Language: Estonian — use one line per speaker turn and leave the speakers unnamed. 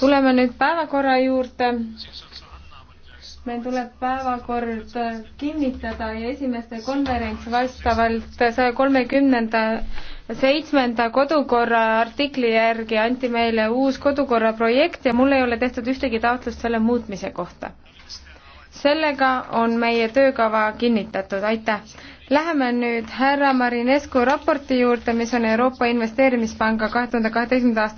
tuleme nüüd päevakorra juurde. meil tuleb päevakord äh, kinnitada ja esimeste konverents vastavalt saja kolmekümnenda seitsmenda kodukorra artikli järgi anti meile uus kodukorra projekt ja mul ei ole tehtud ühtegi taotlust selle muutmise kohta. sellega on meie töökava kinnitatud, aitäh. Läheme nüüd härra Marinescu raporti juurde, mis on Euroopa Investeerimispanga kahe
tuhande kaheteistkümnenda aasta